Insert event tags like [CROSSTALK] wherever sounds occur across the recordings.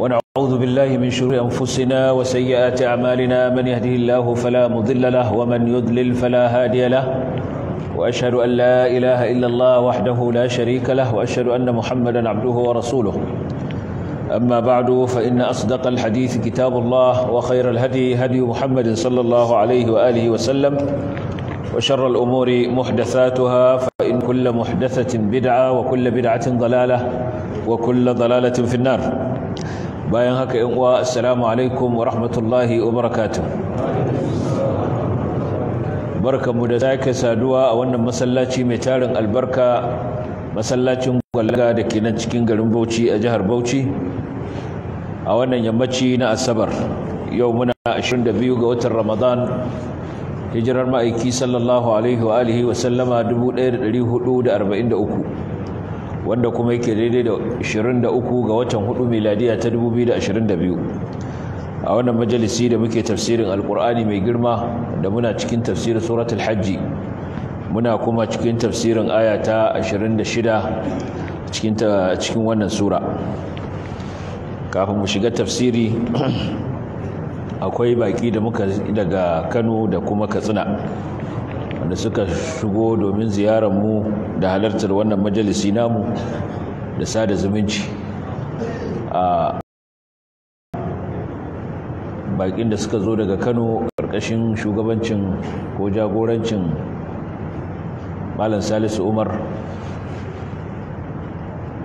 ونعوذ بالله من شرور أنفسنا وسيئات أعمالنا من يهده الله فلا مضل له ومن يضلل فلا هادي له وأشهد أن لا إله إلا الله وحده لا شريك له وأشهد أن محمدا عبده ورسوله أما بعد فإن أصدق الحديث كتاب الله وخير الهدي هدي محمد صلى الله عليه وآله وسلم وشر الأمور محدثاتها فإن كل محدثة بدعة وكل بدعة ضلالة وكل ضلالة في النار bayan haka yan uwa assalamu alaikum wa rahmatullahi wa barakatuh barkamu da sake saduwa a wannan masallaci mai tarin albarka masallacin gwallaga da ke nan cikin garin Bauchi a jihar Bauchi a wannan yammaci na asabar yau muna 22 ga watan Ramadan hijirar ma'aiki sallallahu alaihi wa alihi wa sallama 1443 wanda kuma yake daidai da 23 ga watan 4 miladiya ta 2022 a wannan majalisi da muke tafsirin alkur'ani mai girma da muna cikin tafsirin suratul hajji muna kuma cikin tafsirin aya ta 26 cikin cikin wannan sura kafin mu shiga tafsiri [CLEARS THROAT] akwai baki da muka daga Kano da kuma Katsina waɗanda suka shigo domin ziyarar mu da halartar wannan majalisi namu da sada zumunci a bakin da suka zo daga kano ƙarƙashin shugabancin ko jagorancin malam salisu umar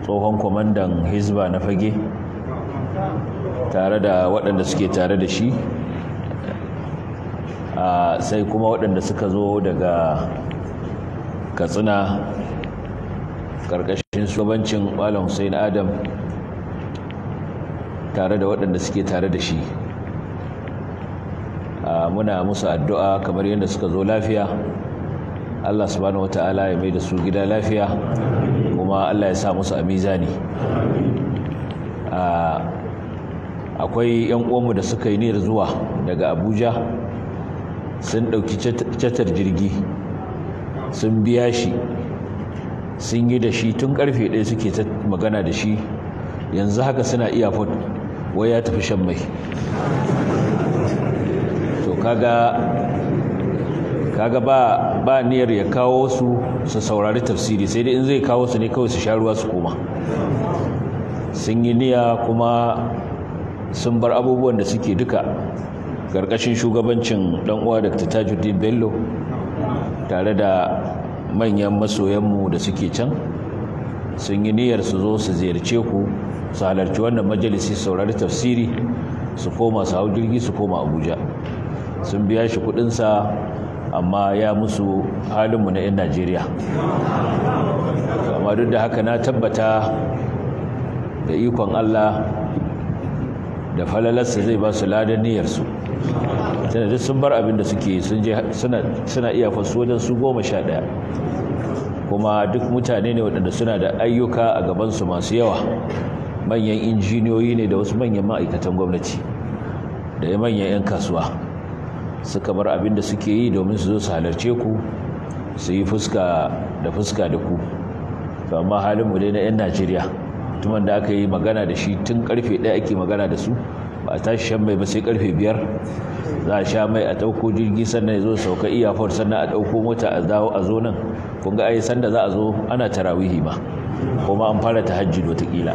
tsohon kwamandan hisba na fage tare da waɗanda suke tare da shi sai kuma waɗanda suka zo daga katsina ƙarƙashin shugabancin malam hussein adam tare da waɗanda suke tare da shi muna musu addu'a kamar yadda suka zo lafiya allah subhanahu ala ya mai da su gida lafiya kuma allah ya sa musu a mizani akwai 'yan uwanmu da suka yi niyar zuwa daga abuja sun ɗauki catar jirgi sun biya shi sun yi da shi tun karfe ɗaya suke ta magana da shi yanzu haka suna iya fot wai ya tafi shan mai to kaga ba ba niyyar ya kawo su su saurari tafsiri sai dai in zai kawo su ne kawai su sha ruwa su koma sun yi niyya kuma sun bar abubuwan da suke duka karkashin shugabancin dan uwa da tajuddin bello tare da manyan masoyanmu da suke can sun yi niyyar su zo su ziyarce ku su halarci wannan majalisi saurari tafsiri su koma su hau jirgi su koma abuja sun biya shi kudinsa amma ya musu halinmu na 'yan najeriya amma duk da haka na tabbata da ikon allah da falalarsa zai ba su ladan niyyarsu tana duk sun bar abin da suke yi suna iya fasu wajen su goma sha ɗaya kuma duk mutane ne waɗanda suna da ayyuka a gabansu masu yawa manyan injiniyoyi ne da wasu manyan ma'aikatan gwamnati da manyan 'yan kasuwa suka bar abin da suke yi domin su zo su halarce ku su yi fuska da fuska da ku amma halin mu dai na 'yan najeriya mutumin da aka yi magana da shi tun karfe ɗaya ake magana da su ba a tashi shan mai ba sai karfe biyar za a sha mai a ɗauko jirgi sannan ya zo sauka iyafar sannan a ɗauko mota a dawo a zo nan kun ga ai sanda za a zo ana tarawihi ma kuma an fara ta hajji tahajjud watakila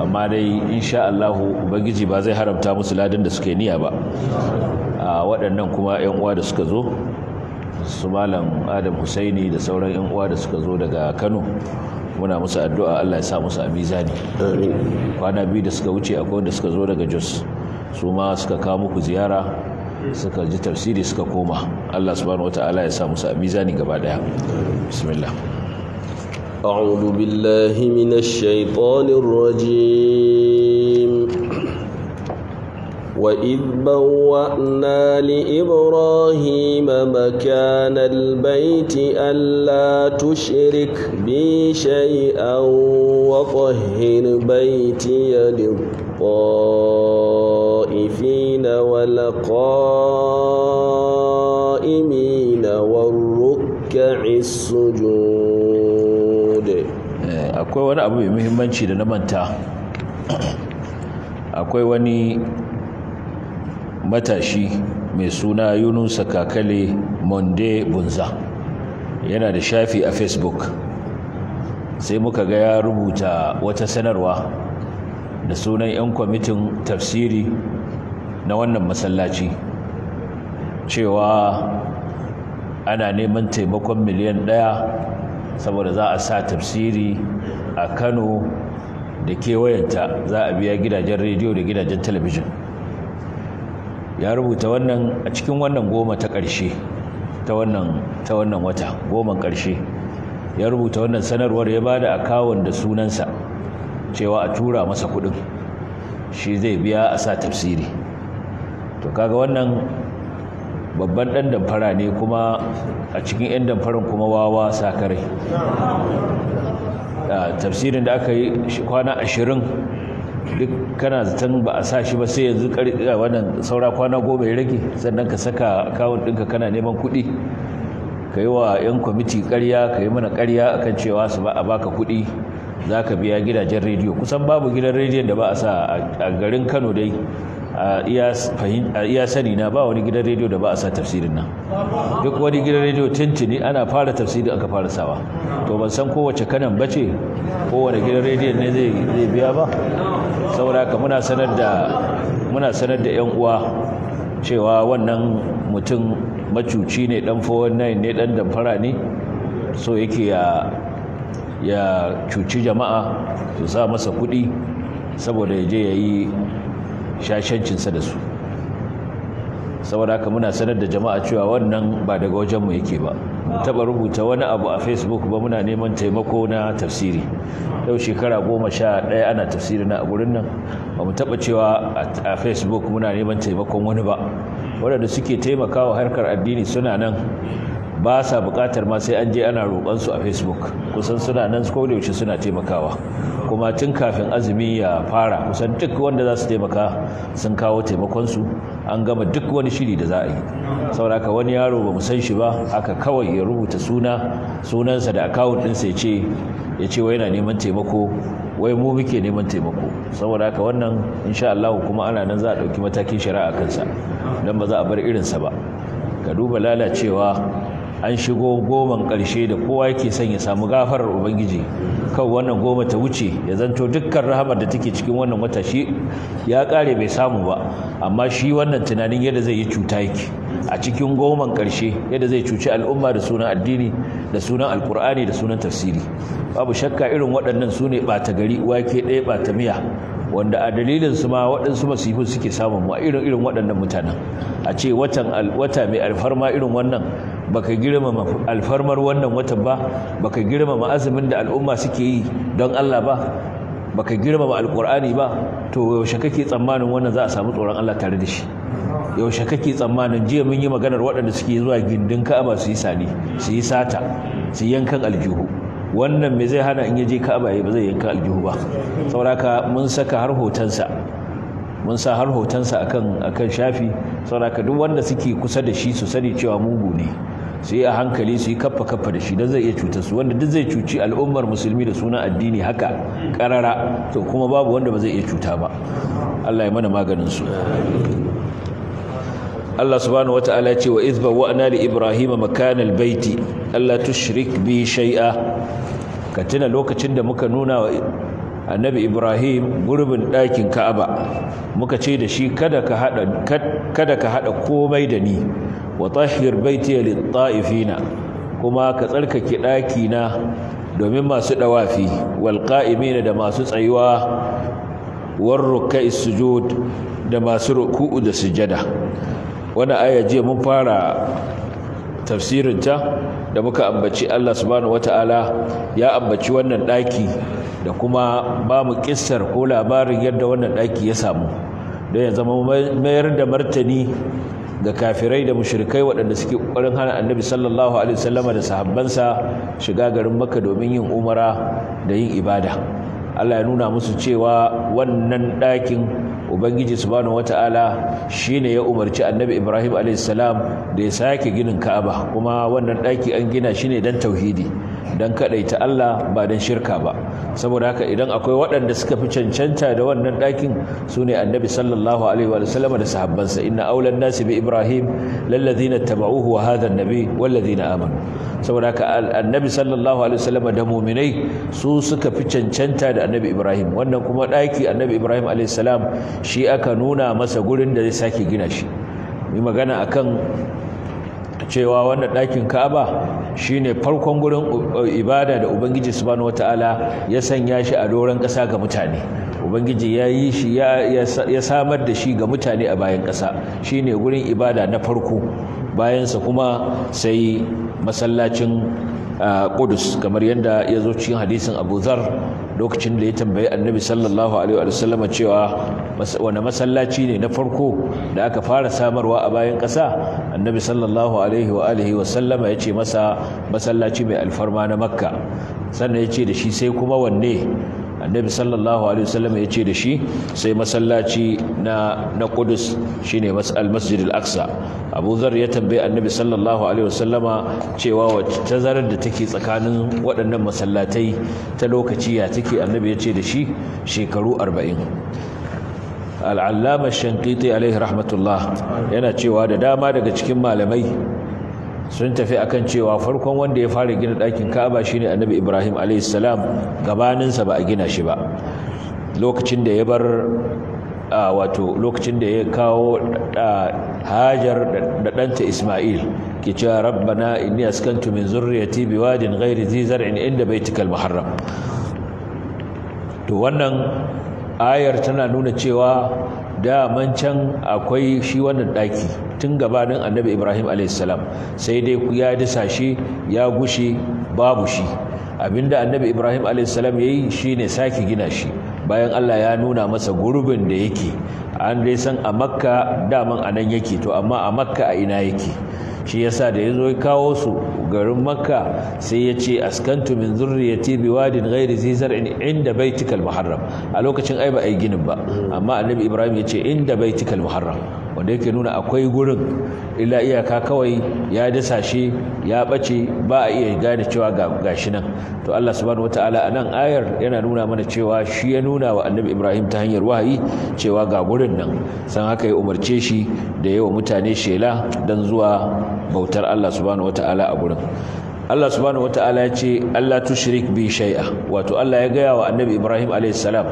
amma dai insha Allah ubangiji ba zai haramta musu ladan da suke niyya ba a waɗannan kuma ƴan uwa da suka zo su malam Adam Husaini da sauran 'yan uwa da suka zo daga Kano muna musu addu'a Allah ya sa musu a mizani kwana biyu da suka wuce akwai wanda suka zo daga Jos su ma suka kawo muku ziyara suka ji tafsiri suka koma Allah subhanahu wataala ya sa musu a mizani gaba daya bismillah a'udhu billahi minash shaitanir الرجيم وإذ بوأنا لإبراهيم مكان البيت ألا تشرك بي شيئا وطهر بيتي للطائفين والقائمين والركع السجود أكوى وأنا أبو mai muhimmanci da na manta [CLEARS THROAT] matashi mai suna yunusa kakale monde bunza yana da shafi a facebook sai muka ga ya rubuta wata sanarwa da sunan 'yan kwamitin tafsiri na wannan masallaci cewa ana neman taimakon miliyan ɗaya saboda za a sa tafsiri a kano da kewayenta za a biya gidajen rediyo da gidajen talabijin ya rubuta wannan a cikin wannan goma ta ƙarshe ta wannan ta wannan wata goman ƙarshe ya rubuta wannan sanarwar ya bada akawun da sunansa cewa a tura masa kuɗin shi zai biya a sa tafsiri to kaga wannan babban ɗan damfara ne kuma a cikin 'yan damfarin kuma wawa sa kare ah, tafsirin da aka yi kwana ashirin duk kana zaton ba a sa shi ba sai yanzu wannan saura kwana goma ya rage sannan ka saka akawun ɗinka kana neman kuɗi ka yi wa 'yan kwamiti karya ka yi mana karya kan cewa su ba a baka kuɗi za ka biya gidajen rediyo kusan babu gidan rediyon da ba a sa a garin kano dai a iya sani na ba wani gidan rediyo da ba a sa tafsirin nan duk wani gidan rediyo tintini ana fara tafsirin aka fara sawa to ban san kowace kanan bace kowane gidan rediyon ne zai biya ba saboda muna sanar da muna sanar da ƴan uwa cewa wannan mutum macuci ne dan 419 ne dan damfara ne so yake ya ya cuci jama'a su sa masa kuɗi saboda ya je ya yi shashancinsa da su saboda haka muna sanar da jama'a cewa wannan ba daga wajenmu yake ba taɓa rubuta wani abu a facebook ba muna neman taimako na tafsiri yau shekara goma sha ɗaya ana tafsiri na gurin nan ba mu taɓa cewa a facebook muna neman taimakon wani ba waɗanda suke taimakawa harkar addini suna nan ba sa buƙatar ma sai an je ana roƙon su a facebook kusan suna nan ko da yaushe suna taimakawa kuma tun kafin azumi ya fara kusan duk wanda za su taimaka sun kawo taimakonsu an gama duk wani shiri da za a yi saboda wani yaro ba mu san shi ba aka kawai ya rubuta suna sunansa da account ɗinsa ya ce ya ce wai yana neman taimako wai mu muke neman taimako saboda haka wannan insha Allah kuma ana nan za a ɗauki matakin shari'a kansa don ba za a bar irinsa ba ka duba lalacewa an shigo goman ƙarshe da kowa yake son ya samu gafarar ubangiji kawai wannan goma ta wuce ya zanto dukkan rahamar da take cikin wannan wata shi ya ƙare bai samu ba amma shi wannan tunanin yadda zai yi cuta yake a cikin goman ƙarshe yadda zai cuci al'umma da sunan addini da sunan alkur'ani da sunan tafsiri babu shakka irin waɗannan su ne ɓata gari wake ɗaya ɓata miya wanda a dalilin su ma waɗansu masifu suke samun mu a irin irin waɗannan mutanen a ce watan wata mai alfarma irin wannan baka girmama alfarmar wannan watan ba baka girmama azumin da al'umma suke yi don Allah ba baka girmama alkur'ani ba to yaushe kake tsammanin wannan za a samu tsoron Allah tare da shi yaushe kake tsammanin jiya mun yi maganar waɗanda suke zuwa gindin Ka'aba su yi sani su yi sata su yankan aljihu wannan mai zai hana in ya je ka'aba eh, ba zai yanka aljihu ba sauraka mun saka har hotonsa mun sa har hotonsa akan akan shafi sauraka duk wanda suke kusa da shi su sani cewa mugu ne su yi a hankali su yi kaffa kafa da shi don zai iya cutar su wanda duk zai cuci al'ummar musulmi da sunan addini haka karara to kuma babu wanda ba zai iya cuta ba Allah ya mana maganin su Allah subhanahu wata'ala ya ce wa idh bawwa'na li ibrahima makanal baiti Allah tushrik bi shay'a ka tuna lokacin da muka nuna wa annabi ibrahim gurbin ɗakin ka'aba muka ce da shi kada ka haɗa kada ka komai da ni wa tahhir baiti lil ta'ifina kuma ka tsarkake ɗaki na domin masu ɗawafi wal qa'imina da masu tsayuwa war ruk'a'is sujud da masu ruku'u da sujada wani aya jiya mun fara tafsirin ta da muka ambaci Allah subhanahu wataala ya ambaci wannan daki da kuma ba mu kissar ko labarin yadda wannan daki ya samu don ya zama mayar da martani ga kafirai da mushrikai waɗanda suke ƙoƙarin hana annabi sallallahu alaihi wasallama da sahabbansa shiga garin makka domin yin umara da yin ibada Allah ya nuna musu cewa wannan ɗakin ubangiji subhanahu wata'ala shine ya umarci annabi ibrahim alaihissalam da ya sake ginin ka'aba kuma wannan ɗaki an gina shi ne don tauhidi don ta Allah ba don shirka ba saboda haka idan akwai waɗanda suka fi cancanta da wannan ɗakin su ne annabi sallallahu alaihi wa sallam da sahabbansa inna aulan nasi bi ibrahim lallazina taba'uhu wa hadha annabi wallazina amanu saboda haka annabi sallallahu alaihi wa sallam da mu'minai su suka fi cancanta da annabi ibrahim wannan kuma ɗaki annabi ibrahim alaihi salam shi aka nuna masa gurin da zai sake gina shi mai magana akan cewa wannan ɗakin kaba shine farkon gurin eh, ibada da ubangiji subhanahu ta'ala ya sanya shi a doron ƙasa ga mutane ubangiji ya yi shi ya samar da shi ga mutane a bayan ƙasa shine gurin ibada na farko bayansa kuma sai masallacin Kudus kamar yadda ya zo cikin hadisin Abu zar lokacin da ya tambayi Annabi sallallahu alaihi wa cewa wani masallaci ne na farko da aka fara samarwa a bayan ƙasa Annabi sallallahu alaihi wa alihi wasallam ya ce masa masallaci mai alfarma na Makka sannan ya ce da shi sai kuma wanne annabi sallallahu alaihi wasallam ya ce da shi sai masallaci na na shine al-Masjid al-Aqsa Abu ya tambaye annabi sallallahu alaihi wasallama cewa wacce tazarar da take tsakanin waɗannan masallatai ta lokaci ya take annabi ya ce da shi shekaru 40 al Shankiti alaihi rahmatullah yana cewa da dama daga cikin malamai sun tafi akan cewa farkon wanda ya fara gina ɗakin ka'aba shine annabi ibrahim alaihissalam gabaninsa ba a gina shi ba lokacin da ya bar wato lokacin da ya kawo hajar da ɗanta isma'il ke cewa rabbana inni askantu min zurriyati biwadin ghairi zi zar'in inda baitikal muharram to wannan ayar tana nuna cewa daman can akwai shi wannan ɗaki tun gabanin annabi ibrahim alaihissalam sai dai ya disa shi ya gushe babu shi abinda annabi ibrahim alaihissalam ya yi shi ne sake gina shi bayan allah ya nuna masa gurbin da yake an dai san a makka daman a nan yake to amma a makka a ina yake shi yasa da yazo ya kawo su garin makka sai ya ce askantu min zurriyati biwadin ghairi zi zar'in inda baitikal muharram a lokacin ai ba ai ginin ba amma annabi ibrahim ya ce inda baitikal muharram wanda yake nuna akwai gurin illa iyaka kawai ya dasa shi ya bace ba a iya gane cewa ga shi nan to Allah subhanahu wataala a nan ayar yana nuna mana cewa shi ya nuna wa annabi Ibrahim ta hanyar wahayi cewa ga gurin nan san haka ya umarce shi da yawa mutane shela dan zuwa bautar Allah subhanahu wataala a gurin Allah subhanahu wataala ya ce Allah tu shirik bi shay'a wato Allah ya gaya wa Annabi Ibrahim alayhi salam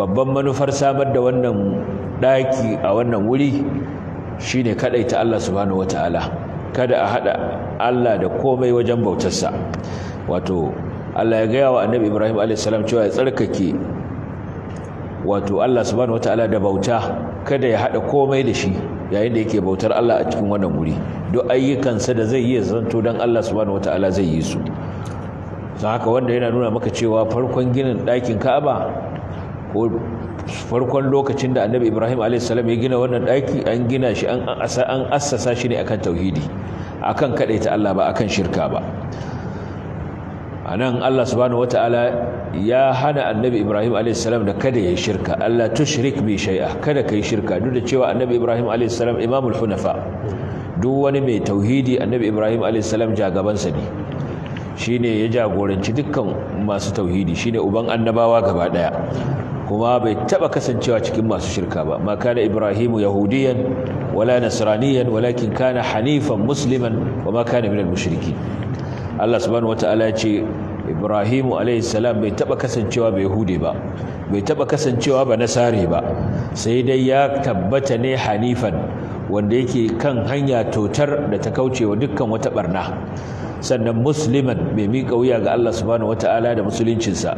babban manufar samar da wannan daki a wannan wuri shi shine ta Allah subhanahu wataala kada a hada Allah da komai wajen bautarsa wato Allah ya gaya wa Annabi Ibrahim alaihi salam cewa ya tsarkake wato Allah subhanahu wataala da bauta kada ya hada komai da shi yayin da yake bautar Allah a cikin wannan wuri duk ayyukansa da zai yi zanto dan Allah subhanahu wataala zai yi su don haka wanda yana nuna maka cewa farkon ginin dakin Ka'aba ko farkon lokacin da annabi ibrahim a.s. ya gina wannan ɗaki an gina shi an assasa shi ne akan tauhidi akan ta Allah ba akan shirka ba a nan Allah subhanahu wataala ya hana annabi Ibrahim a.s. da kada ya shirka Allah tushrik mai shai'a kada kai shirka duk da cewa annabi Ibrahim a.s. imamul hunafa duk wani mai tauhidi annabi Ibrahim a.s. jagabansa ne shine ya jagoranci dukkan masu tauhidi shine uban annabawa gaba daya kuma bai taba kasancewa cikin masu shirka ba ma kana ibrahimu yahudiyan wala nasraniyan walakin kana hanifan musliman wa ma kana minal mushriki Allah subhanahu wataala ya ce ibrahimu alayhi salam bai taba kasancewa ba yahudi ba bai taba kasancewa ba nasare ba sai dai ya tabbata ne hanifan wanda yake kan hanya totar da ta kaucewa dukkan wata barna sannan musliman mai miƙa wuya ga Allah subhanahu wataala da musuluncinsa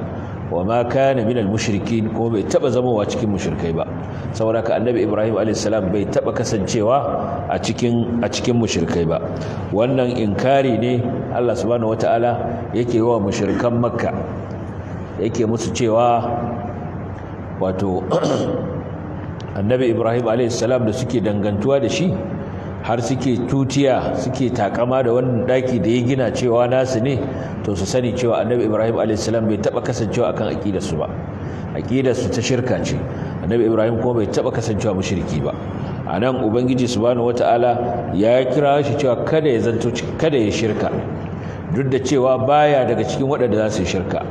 wa ma kana min al-mushrikin ko bai taba zamowa cikin mushrikai ba saboda ka annabi ibrahim alayhi salam bai taba kasancewa a cikin a cikin mushrikai ba wannan inkari ne Allah subhanahu wataala yake wa mushrikan makka yake musu cewa wato [CLEARS THROAT] annabi ibrahim alayhi salam da suke dangantuwa da shi har suke tutiya suke takama da wannan daki da ya gina cewa nasu ne to su sani cewa annabi ibrahim alaihissalam bai taba kasancewa akan aqidarsu ba aqidarsu ta shirka ce annabi ibrahim kuma bai taba kasancewa mushriki ba anan ubangiji subhanahu wataala ya kira shi cewa kada ya zanto kada ya shirka duk da cewa baya daga cikin waɗanda za su yi shirka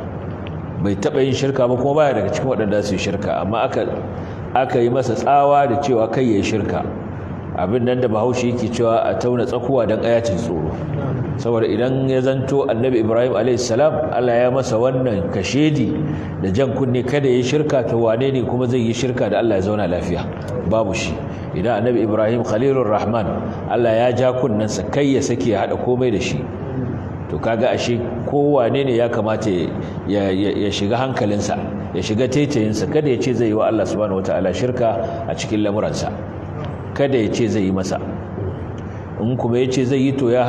bai taɓa yin shirka ba kuma baya daga cikin waɗanda za su yi shirka amma aka aka yi masa tsawa da cewa kai ya yi shirka abin nan da bahaushe yake cewa a tauna tsakuwa don ayacin tsoro saboda idan ya zanto annabi ibrahim a.s. allah ya masa wannan kashedi da jan kunne kada ya shirka ta wane ne kuma zai yi shirka da allah ya zauna lafiya babu shi idan annabi ibrahim khalilur rahman allah ya ja kunnensa kai ya sake ya haɗa komai da shi to kaga ashe wane ne ya kamata ya shiga hankalinsa ya shiga taitayinsa kada ya ce zai yi wa allah subhanahu wataala shirka a cikin lamuransa kada ya ce zai yi masa in kuma ya ce zai yi to ya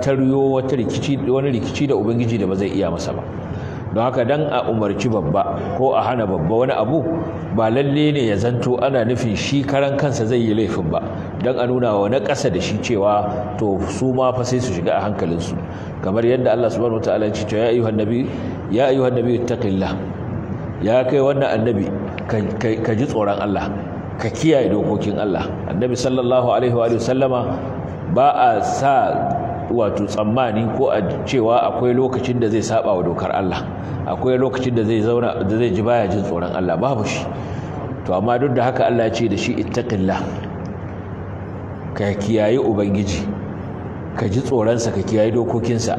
taryo wani rikici da ubangiji da ba zai iya masa ba don haka don a umarci babba ko a hana babba wani abu ba lalle ne ya zanto ana nufin shi karan kansa zai yi laifin ba don a nuna wa na ƙasa da shi cewa to su ma fa sai su shiga a hankalinsu kamar yadda Allah subhanahu wataala ya ce ya ayyuhan nabi ya ayyuhan nabi ya kai wannan annabi ka ji tsoron Allah ka kiyaye dokokin Allah annabi sallallahu alaihi wa sallama ba a sa wato tsammani ko a cewa akwai lokacin da zai saba wa dokar Allah akwai lokacin da zai zauna da zai ji baya jin tsoron Allah babu shi to amma duk da haka Allah ya ce da shi ittaqillah ka kiyaye ubangiji ka ji tsoron sa, ka kiyaye dokokin sa.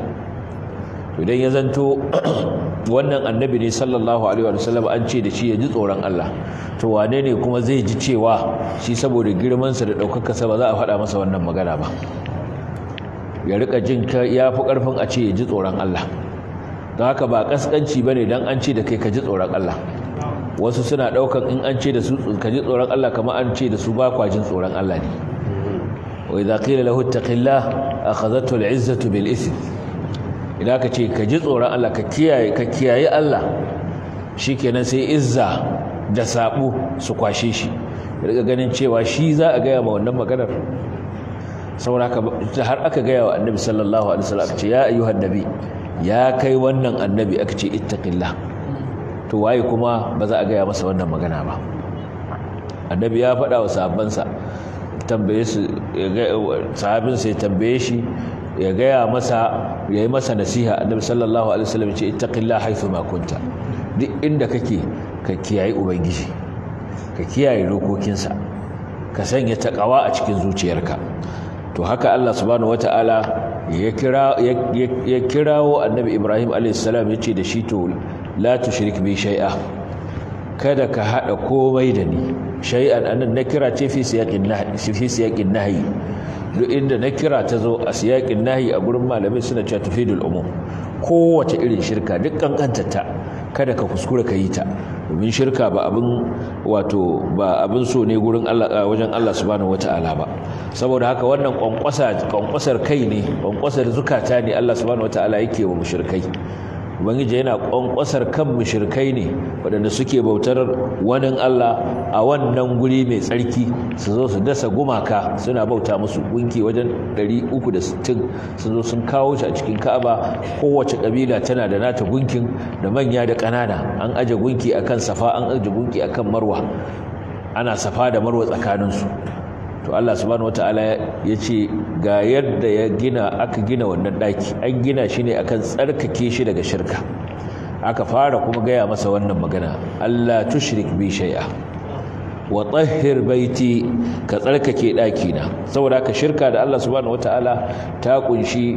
idan ya zanto [CLEARS THROAT] wannan annabi ne sallallahu alaihi wa sallam an ce da shi ya ji tsoron Allah to wane ne kuma zai ji cewa shi saboda girmansa da ɗaukakarsa ba za a faɗa masa wannan magana ba ya rika jin ya fi karfin a ce ya ji tsoron Allah don haka ba kaskanci ba ne don an ce da kai ka ji tsoron Allah wasu suna ɗaukan in an ce da su ka ji tsoron Allah kamar an ce da su ba kwa jin tsoron Allah ne wa idza qila lahu ittaqillah akhadhathu al bil ithm idan ka ce ka ji tsoron Allah ka kiyaye ka kiyaye Allah shikenan sai izza da sabo su kwashe shi daga ganin cewa shi za a gaya ma wannan maganar saboda har aka gaya wa annabi sallallahu alaihi wasallam ce ya ayyuhan nabi ya kai wannan annabi aka ce ittaqillah to waye kuma ba za a gaya masa wannan magana ba annabi ya faɗa wa sahabbansa tambaye su sahabin sai tambaye shi ya gaya masa yayi masa nasiha annabi sallallahu alaihi wasallam ce ittaqillaha haythu ma kunta duk inda kake ka kiyaye ubangiji ka kiyaye dokokinsa ka sanya takawa a cikin zuciyarka to haka Allah subhanahu wataala ya kira ya kirawo annabi Ibrahim alaihi salam yace da shi to la tushrik bi shay'a kada ka hada komai da ni shay'an annan nakira ce fi siyaqin nahyi fi siyaqin nahyi duk inda na kira ta zo a siyaƙin nahi a gurin malamai suna cewa tufidul umum kowace irin shirka duk ta kada ka kuskura ka yi ta domin shirka ba abin wato ba abin so ne gurin Allah wajen Allah subhanahu wata'ala ba saboda haka wannan kwankwasa kwankwasar kai ne kwankwasar zukata ne Allah subhanahu wata'ala yake wa mushrikai ubangiji yana ƙwanƙwasar kan mushirkai ne waɗanda suke bautar wani Allah a wannan guri mai tsarki su zo su dasa gumaka suna bauta musu gunki wajen 360 sun zo sun kawo shi a cikin Ka'aba kowace kabila tana da nata gunkin da manya da ƙanana an aje gunki akan Safa an aje gunki akan Marwa ana Safa da Marwa tsakaninsu to Allah subhanahu wataala ya ce ga yadda ya gina aka gina wannan daki an gina shi ne akan tsarkake shi daga shirka aka fara kuma gaya masa wannan magana Allah tushrik bi shay'a wa tahhir baiti ka tsarkake na saboda ka shirka da Allah subhanahu wataala ta kunshi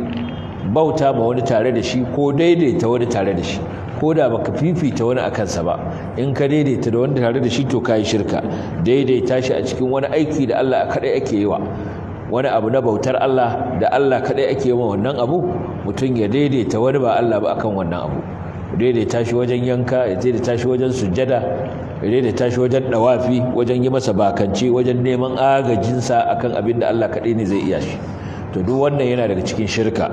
bauta ma wani tare da shi ko daidaita wani tare da shi ko da baka fifita wani a kansa ba in ka daidaita da wanda tare da shi to kayi shirka daidaita shi a cikin wani aiki da Allah kadai ake yi wa wani abu na bautar Allah da Allah kadai ake yi wa wannan abu mutum ya daidaita wani ba Allah ba akan wannan abu daidaita shi wajen yanka ya daidaita shi wajen sujjada ya daidaita shi wajen dawafi wajen yi masa bakanci wajen neman agajinsa akan abin da Allah kadai ne zai iya shi to duk wannan yana daga cikin shirka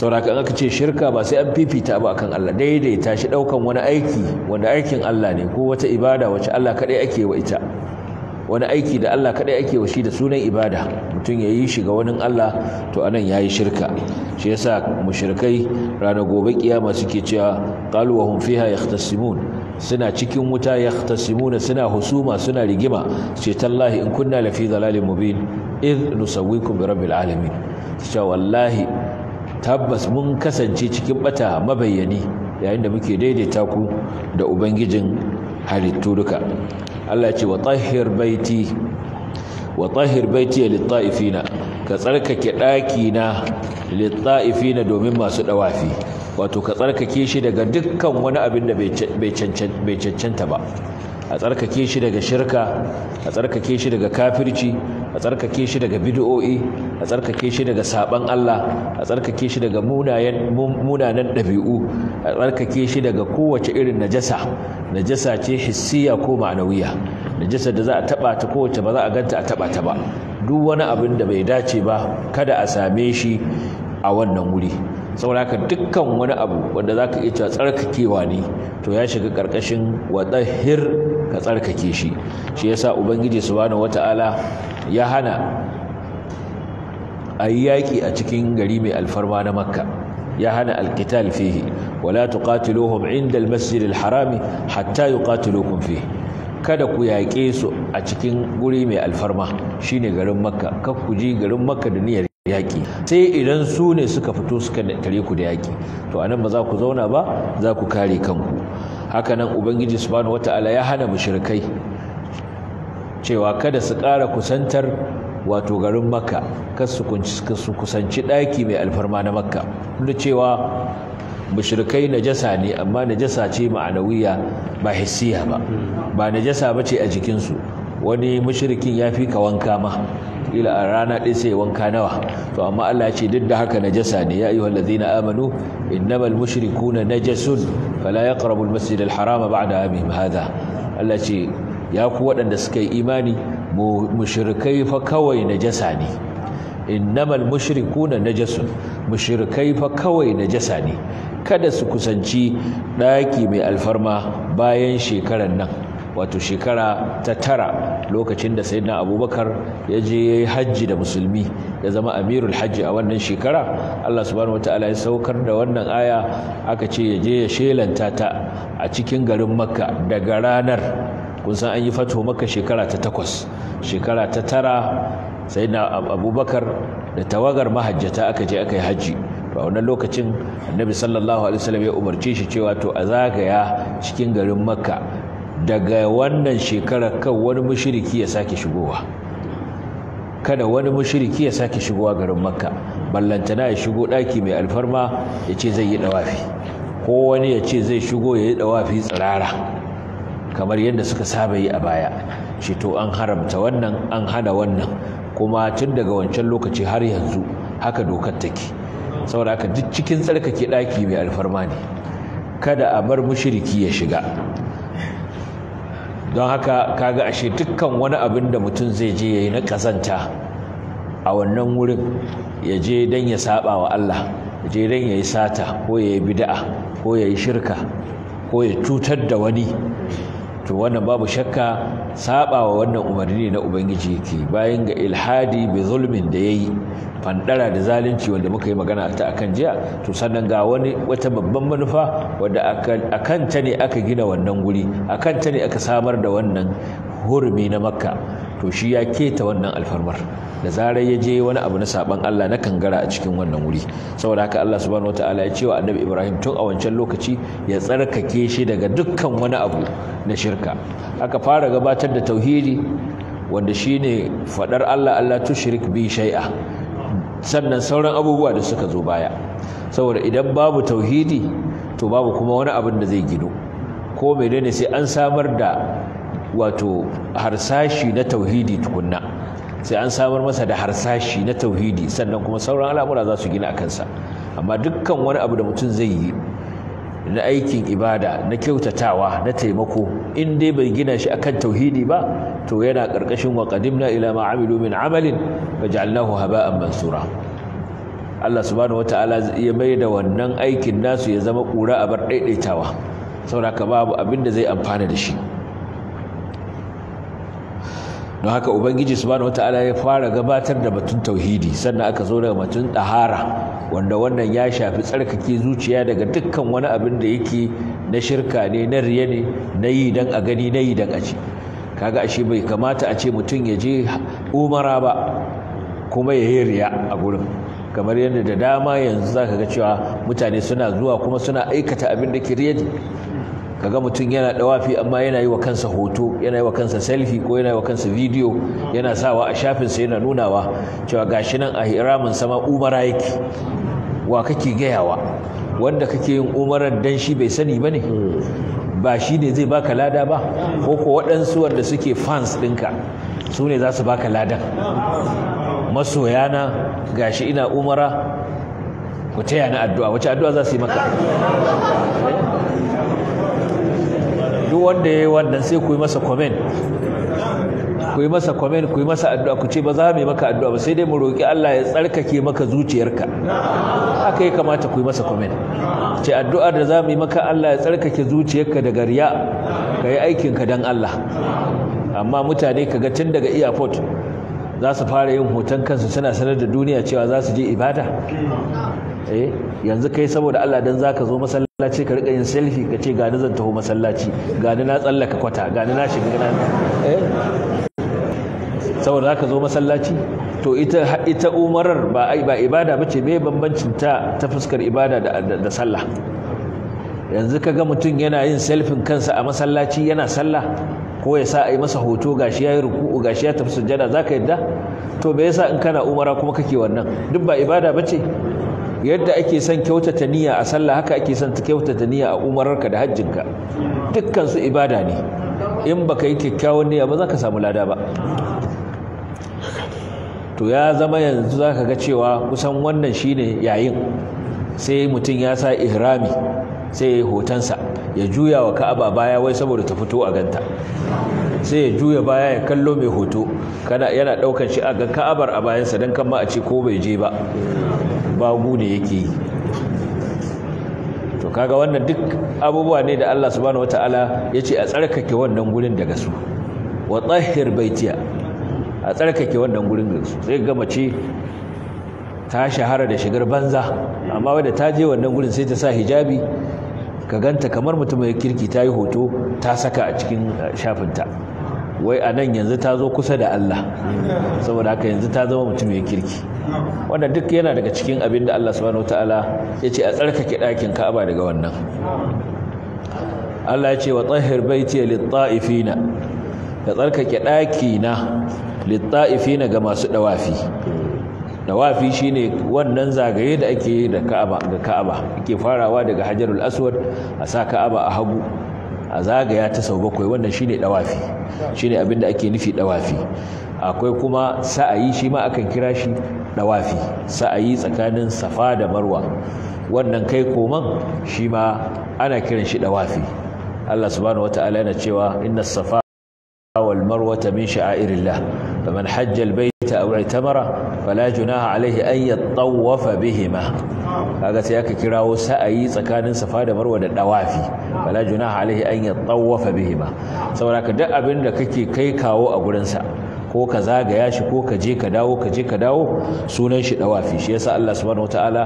sauraka aka ce shirka ba sai an fifita ba akan Allah daidaita shi daukan wani aiki wanda aikin Allah ne ko wata ibada wacce Allah kadai ake wa ita wani aiki da Allah kadai ake wa shi da sunan ibada mutum ya yi shi ga wani Allah to anan yayi shirka shi sa mushrikai ranar gobe kiyama suke cewa qalu wa fiha yahtasimun suna cikin wuta yahtasimuna suna husuma suna rigima ce tallahi in kunna lafi dhalalin mubin id nusawwikum bi rabbil alamin cewa wallahi tabbas mun kasance cikin bata mabayyani yayin da muke daidaita ku da ubangijin halittu duka Allah ce wa tahhir baiti wa tahhir baiti lit-ta'ifina ka tsarkake daki na lit-ta'ifina domin masu dawafi wato ka tsarkake shi daga dukkan wani abin da bai cancanta ba a tsarkake shi daga shirka a tsarkake shi daga kafirci a tsarkake shi daga bid'o'i a tsarkake shi daga saban Allah a tsarkake shi daga munanan ɗabi'u a tsarkake shi daga kowace irin najasa najasa ce hissiya ko ma'anawiya najasa da za a taba ta kowace ba za a ganta a taba ta ba duk wani abin da bai dace ba kada a same shi a wannan wuri saboda dukkan wani abu wanda zaka iya cewa tsarkakewa ne to ya shiga karkashin wadahir ka tsarkake shi shi sa ubangiji subhanahu wataala ya hana ayi yaƙi a cikin gari mai alfarma na makka ya hana alqital fihi wala tuqatiluhum inda almasjid alharami hatta yuqatilukum fihi kada ku yaƙe su a cikin guri mai alfarma shine garin makka kar ku ji garin makka da niyyar yaƙi sai idan su ne suka fito suka tare ku da yaƙi to anan ba za ku zauna ba za ku kare kanku hakanan ubangiji subhanahu wataala ya hana mushrikai cewa kada su ƙara kusantar wato garin makka kas su kusanci ɗaki mai alfarma na makka duk cewa mushrikai najasa ne amma najasa ce ma'anawiya ba hissiya ba ba najasa ba ce a jikinsu wani mushrikin ya fi ka wanka ma ila a rana ɗin sai wanka nawa to amma Allah ya ce duk da haka najasa ne ya ayyuhal ladzina amanu innamal mushrikuna najasun fala yaqrabu al-masjid al-harama ba'da abihim hadha Allah ce ya ku waɗanda suka yi imani mushrikai fa kawai najasa ne innamal mushrikuna najasun mushrikai fa kawai najasa ne kada su kusanci ɗaki mai alfarma bayan shekarar nan wato shekara ta tara lokacin da sayyidina abubakar ya je ya yi hajji da musulmi ya zama amirul hajji a wannan shekara allah subhanahu wataala ya saukar da wannan aya aka ce ya je ya shelanta ta a cikin garin makka daga ranar kun san an yi fato makka shekara ta takwas shekara ta tara sayyidina abubakar da tawagar mahajjata aka je aka yi hajji a wannan lokacin annabi sallallahu alaihi wasallam ya umarce shi cewa to a zagaya cikin garin makka daga wannan shekarar kan wani mashiriki ya sake shigowa kada wani mashiriki ya sake shigowa garin makka ballantana ya shigo ɗaki mai alfarma ya ce zai yi ɗawafi ko wani ya ce zai shigo ya yi ɗawafi tsirara kamar yadda suka saba yi a baya shi to an haramta wannan an hana wannan kuma tun daga wancan lokaci har yanzu haka dokar take saboda haka duk cikin tsarkake ɗaki mai alfarma ne kada a bar mashiriki ya shiga don haka kaga ashe dukkan wani abin da mutum zai je yayi na kazanta a wannan wurin ya je don ya saba wa Allah ya je don ya yi sata ko ya yi bid'a ko ya yi shirka ko ya cutar da wani to wannan babu shakka sabawa wannan umarni na ubangiji yake bayan ga ilhadi bi zulmin da yayi fandara da zalunci wanda muka yi magana ta akan jiya to sannan ga wani wata babban manufa wadda akan ta ne aka gina wannan guri akan ta ne aka samar da wannan hurumi na makka to shi ya keta wannan alfarmar da zarar ya je wani abu na saban Allah na kangara a cikin wannan wuri saboda haka Allah subhanahu wataala ya ce wa annabi Ibrahim tun a wancan lokaci ya tsarkake shi daga dukkan wani abu na shirka aka fara gabatar da tauhidi wanda shine fadar Allah Allah tushrik bi shay'a sannan sauran abubuwa da suka zo baya saboda idan babu tauhidi to babu kuma wani abin da zai gido ko menene sai an samar da wato harsashi na tauhidi tukunna sai an samar masa da harsashi na tauhidi sannan kuma sauran al'amura za su gina a kansa amma dukkan wani abu da mutum zai yi na aikin ibada na kyautatawa na taimako in dai bai gina shi akan tauhidi ba to yana karkashin wa qadimna ila ma amilu min amalin faj'alnahu haba'an mansura Allah subhanahu wataala ya mai da wannan aikin nasu ya zama kura a bar daidaitawa saboda babu abin da zai amfana da shi don haka ubangiji subhanahu wata'ala ya fara gabatar da batun tauhidi sannan aka zo daga batun dahara wanda wannan ya shafi tsarkake zuciya daga dukkan wani abin da yake na shirka ne na riya ne na yi don a gani na yi don a ci kaga ashe bai kamata a ce mutum ya je umara ba kuma ya yi riya a gurin kamar yadda da dama yanzu zaka ga cewa mutane suna zuwa kuma suna aikata abin da ke riya kaga mutum yana dawafi amma yana yi wa kansa hoto yana yi wa kansa selfie ko yana yi wa kansa video yana sawa a shafinsa yana nunawa cewa gashi nan a hiramin sama umara yake wa kake gayawa wanda kake yin umarar dan shi bai sani ba ne ba shi ne zai baka lada ba ko ko waɗansu wanda suke fans ɗinka su ne za su baka ladan masoyana gashi ina umara ku taya na addu'a wace addu'a za su yi maka duk wanda ya yi wannan sai ku yi masa kwamen ku yi masa comment ku yi masa addu'a ku ce ba za mu yi maka addu'a ba sai dai mu roƙi Allah ya tsarkake maka zuciyarka haka ya kamata ku yi masa comment ce addu'a da za mu yi maka Allah ya tsarkake zuciyarka daga riya ka yi aikinka don Allah amma mutane ka ga tun daga airport za su fara yin hoton kansu suna sanar da duniya cewa za su je ibada eh yanzu kai saboda Allah dan zaka zo masallaci ka rika yin selfie ka ce gani zan taho masallaci gani na tsallaka kwata gani na shiga nan. eh saboda zaka zo masallaci to ita ita umarar ba ba ibada bace me bambancin ta ta fuskar ibada da da sallah yanzu kaga mutum yana yin selfie kansa a masallaci yana sallah ko ya sa a yi masa hoto gashi ya yi ruku'u gashi ya tafi sujjada zaka yadda to me yasa in kana umara kuma kake wannan duk ba ibada bace yadda ake son kyautata niyya a sallah haka ake son ta kyautata niyya a umararka da hajjinka dukkan su ibada ne in baka yi kyakkyawan niyya ba za ka samu lada ba to ya zama yanzu za ka ga cewa kusan wannan shine yayin sai mutum ya sa ihrami sai ya hotonsa ya juya wa ka'aba baya wai saboda ta fito a ganta sai ya juya baya ya kallo mai hoto yana daukan shi a ga ka'abar a bayansa dan kama a ce ko bai je ba bagu da yake yi to kaga wannan duk abubuwa ne da Allah subhanahu wataala ya ce a tsarkake wannan gurin daga su wa tsahir baitiya a tsarkake wannan gurin daga su sai ga mace ta shahara da shigar banza amma wadda ta je wannan gurin sai ta sa hijabi ka ganta kamar mutum ya kirki ta yi hoto ta saka a cikin shafinta wai a nan yanzu ta zo kusa da Allah saboda haka yanzu ta zama mutum ya kirki wanda duk yana daga cikin abin da Allah subhanahu wataala ya ce a tsarkake ɗakin ka'aba daga wannan Allah ya ce wa tsahir baiti lit-ta'ifina ya tsarkake ɗakina lit-ta'ifina ga masu dawafi dawafi shine wannan zagaye da ake da Ka'aba ga Ka'aba ake farawa daga Hajarul Aswad a sa Ka'aba a hagu a zagaya ta sau bakwai wannan shine dawafi shine abin da ake nufi ɗawafi. akwai kuma sa'ayi shi ma akan kira shi dawafi sa'ayi tsakanin safa da marwa wannan kai koman shi ma ana kiran shi dawafi Allah subhanahu wataala yana cewa inna safa wal marwata min sha'airillah faman hajja al bayta aw i'tamara fala junaha alayhi an yatawafa bihima kaga sai aka kirawo sa'ayi tsakanin safa da marwa da dawafi fala junaha alayhi an yatawafa bihima saboda duk abin da kake kai kawo a gurin sa ko ka zagaya shi ko ka je ka dawo ka je ka dawo sunan shi dawafi shi yasa Allah subhanahu wataala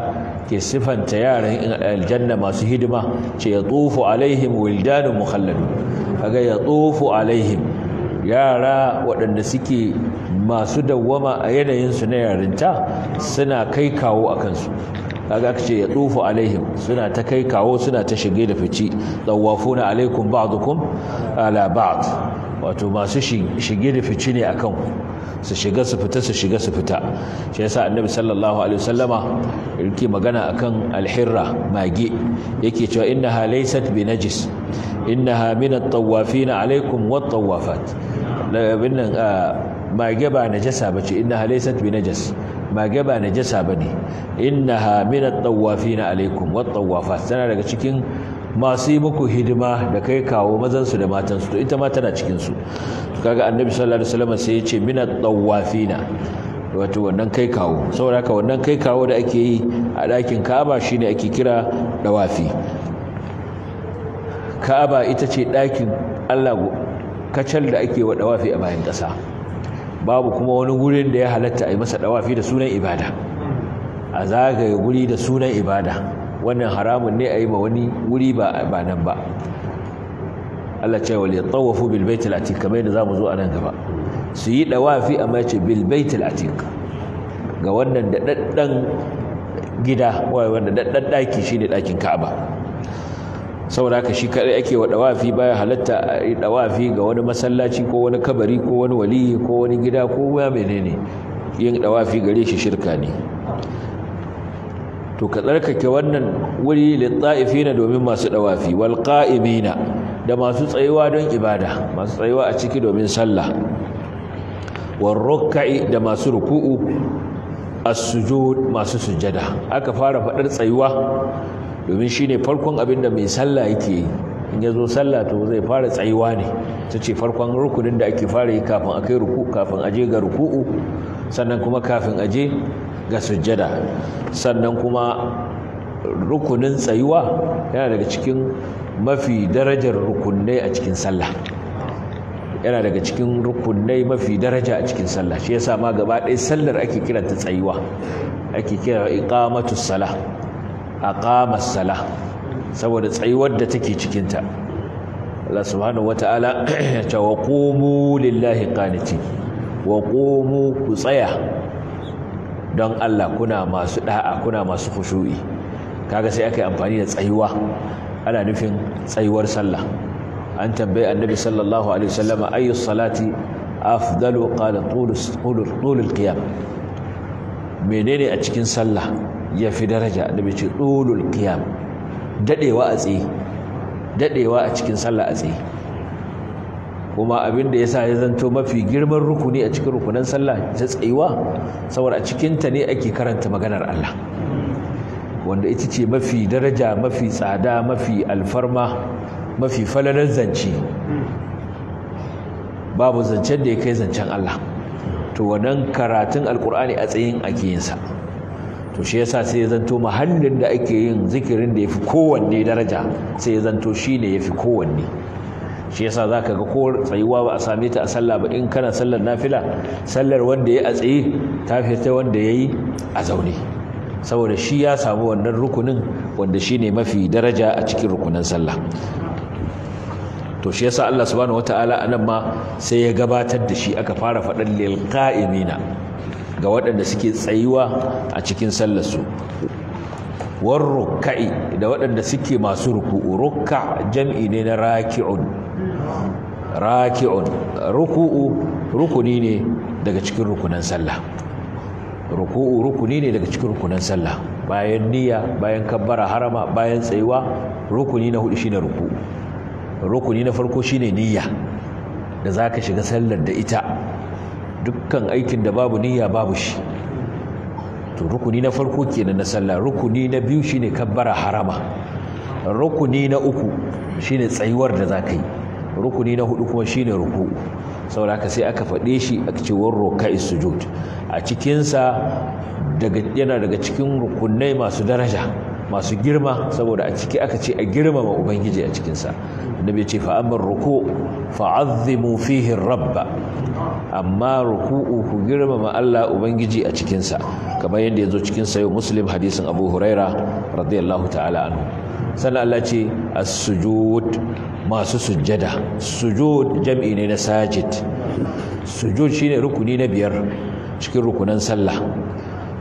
ke sifanta yaran aljanna masu hidima ce ya tufu alaihim wildan mukhalladun kaga ya tufu alaihim yara waɗanda suke masu dawwama a yanayin su na yarinta suna kai kawo a kansu kaga aka ce ya tsufu alaihim suna ta kai kawo suna ta shige da fici dawafuna alaikum ba'dukum ala ba'd wato masu shige da fice ne akan ku su shiga su fita su shiga su fita shi yasa annabi sallallahu alaihi wasallama yake magana akan alhirra mage yake cewa innaha laysat bi najis innaha min at-tawafin alaikum wat-tawafat binnan mage ba najasa bace innaha laysat bi najis mage ba najasa bane innaha min at-tawafin alaikum wat-tawafat tana daga cikin masu yi muku hidima da kai kawo mazansu da matansu to ita ma tana cikinsu kaga annabi sallallahu alaihi wasallam sai ya ce mina tawafina wato wannan kai kawo saboda haka wannan kai kawo da ake yi a ɗakin ka'aba shine ake kira dawafi ka'aba ita ce ɗakin allah kacal da ake wa dawafi a bayan ƙasa babu kuma wani gurin da ya halatta a yi masa dawafi da sunan ibada a zagaye guri da sunan ibada wannan haramun ne a yi ma wani wuri ba nan ba Allah ce wa litawafu bil baitil atiq kamar yadda zamu zo a nan gaba su yi dawafi amma ce bil baitil atiq ga wannan da daddan gida wanda daddan daki shine dakin Ka'aba saboda haka shi kadai ake wa dawafi baya halatta a yi dawafi ga wani masallaci ko wani kabari ko wani wali ko wani gida ko wani menene yin dawafi gare shi shirka ne to ka tsarkake wannan wuri litta'ifina domin masu dawafi wal qa'imina da masu tsayuwa don ibada masu tsayuwa a ciki domin sallah wal ruk'i da masu ruku'u as-sujud masu sujada aka fara fadar tsayuwa domin shine farkon abinda mai sallah yake yi in ya zo sallah to zai fara tsayuwa ne tace farkon rukunin da ake fara yi kafin akai ruku kafin aje ga ruku'u sannan kuma kafin aje ga sujjada sannan kuma rukunin tsayuwa yana daga cikin mafi darajar rukunai a cikin sallah yana daga cikin rukunai mafi daraja a cikin sallah shi yasa ma gaba ɗaya sallar ake kiranta tsayuwa ake kira iqamatus salah aqamas salah saboda tsayuwar da take cikin ta Allah subhanahu wataala ya ce wa qumu lillahi qanitin wa qumu ku tsaya don Allah kuna masu da'a kuna masu khushu'i kaga sai aka yi amfani da tsayuwa ana nufin tsayuwar sallah an tambayi annabi sallallahu alaihi wasallam ayu salati afdalu qala tulus tulul qiyam menene a cikin sallah yafi daraja annabi ce tulul qiyam dadewa a tsaye dadewa a cikin sallah a tsaye kuma abin da ya sa ya zanto mafi girman rukuni a cikin rukunan sallah ta tsayuwa saboda a cikin ta ne ake karanta maganar Allah wanda ita ce mafi daraja mafi tsada mafi alfarma mafi falalar zance babu zancen da ya kai zancen Allah to wannan karatun alkur'ani a tsayin ake yin sa to shi yasa sai ya zanto mahallin da ake yin zikirin da yafi kowanne daraja sai ya zanto shine yafi kowanne shi yasa za ka ga kowar tsayuwa ba a same ta a sallah ba in kana sallar nafila sallar wanda ya a tsaye ta fi ta wanda ya yi a zaune saboda shi ya samu wannan rukunin wanda shi ne mafi daraja a cikin rukunin sallah to shi yasa Allah subhanahu wataala nan ma sai ya gabatar da shi aka fara faɗan lil imina ga waɗanda suke tsayuwa a cikin sallarsu. su da waɗanda suke masu ruku'u rukka jam'i ne na raki'un raki'un ruku'u rukuni ne daga cikin rukunan sallah ruku'u rukuni ne daga cikin rukunan sallah bayan niyya bayan kabbara harama bayan tsayuwa rukuni na hudu shine ruku'u rukuni na farko shine niyya da zaka shiga sallar da ita dukkan aikin da babu niyya babu shi to rukuni na farko kenan na sallah rukuni na biyu shine kabbara harama rukuni na uku shine tsayuwar da zaka yi rukuni na hudu kuma shine rukuu saboda haka sai aka faɗe shi a cewar rukai sujud a cikinsa yana daga cikin rukunai masu daraja masu girma saboda a ciki aka ce a girmama ubangiji a cikinsa annabi ce fa amma ruku fa'azzimu fihi rabba amma ruku'u ku girmama Allah ubangiji a cikinsa kamar yadda ya zo cikin sayo muslim hadisin abu huraira radiyallahu ta'ala anhu sannan Allah ce as-sujud masu sujjada sujud jam'i ne na sajid sujud shine rukuni na biyar cikin rukunan sallah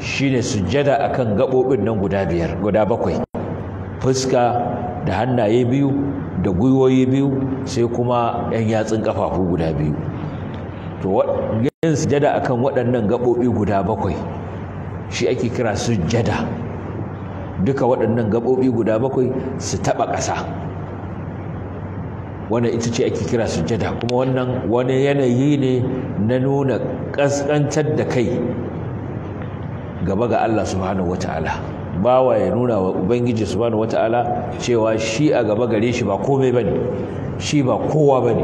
shine sujjada akan gabobin nan guda biyar guda bakwai fuska da hannaye biyu da gwiwoyi biyu sai kuma yan yatsun kafafu guda biyu to yin sujjada akan waɗannan gabobi guda bakwai shi ake kira sujjada duka waɗannan gaɓoɓi guda bakwai su taɓa ƙasa wannan ita ce ake kira sujjada kuma wannan wani yanayi ne na nuna ƙasƙantar da kai gaba ga Allah subhanahu wata'ala bawa ya nuna wa ubangiji subhanahu wata'ala cewa shi a gaba gare shi ba komai ba ne shi ba kowa ba ne